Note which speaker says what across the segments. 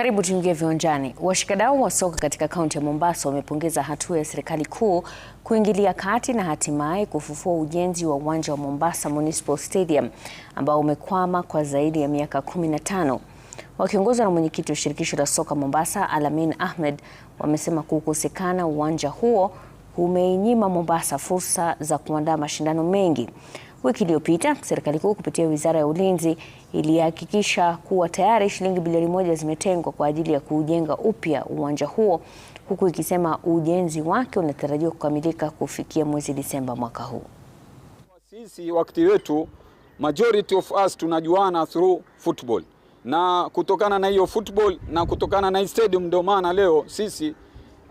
Speaker 1: Karibu tuingie viwanjani. Washikadau wa soka katika kaunti ya Mombasa wamepongeza hatua ya serikali kuu kuingilia kati na hatimaye kufufua ujenzi wa uwanja wa Mombasa Municipal Stadium ambao umekwama kwa zaidi ya miaka 15. Wakiongozwa na mwenyekiti wa shirikisho la soka Mombasa, Alamin Ahmed, wamesema kukosekana uwanja huo umeinyima Mombasa fursa za kuandaa mashindano mengi. Wiki iliyopita serikali kuu kupitia wizara ya ulinzi ilihakikisha kuwa tayari shilingi bilioni moja zimetengwa kwa ajili ya kuujenga upya uwanja huo, huku ikisema ujenzi wake unatarajiwa kukamilika kufikia mwezi Disemba mwaka huu.
Speaker 2: Sisi wakati wetu majority of us tunajuana through football, na kutokana na hiyo football na kutokana na hii stadium, ndio maana leo sisi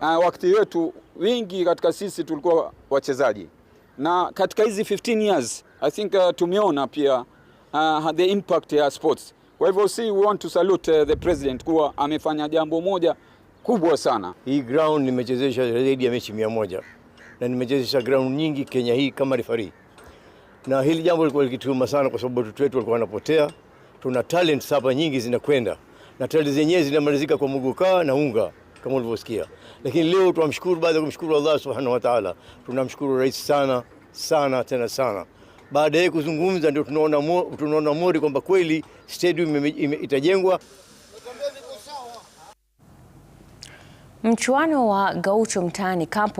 Speaker 2: uh, wakati wetu wingi katika sisi tulikuwa wachezaji, na katika hizi 15 years I think uh, tumeona pia uh, the impact ya sports. Kwa hivyo si we want to salute uh, the president kuwa amefanya jambo moja kubwa sana.
Speaker 3: Hii ground nimechezesha zaidi ya mechi 100 na nimechezesha ground nyingi Kenya hii kama referee, na hili jambo lilikuwa likituma sana, kwa sababu watoto wetu walikuwa wanapotea. Tuna talent hapa nyingi zinakwenda na talent zenyewe zinamalizika kwa muguka na unga kama ulivyosikia, lakini leo tunamshukuru. Baada ya kumshukuru Allah subhanahu wa ta'ala, tunamshukuru rais sana sana tena sana baada ya kuzungumza ndio tunaona mori, tunaona mori kwamba kweli stadium itajengwa.
Speaker 4: Mchuano wa Gaucho mtaani Cup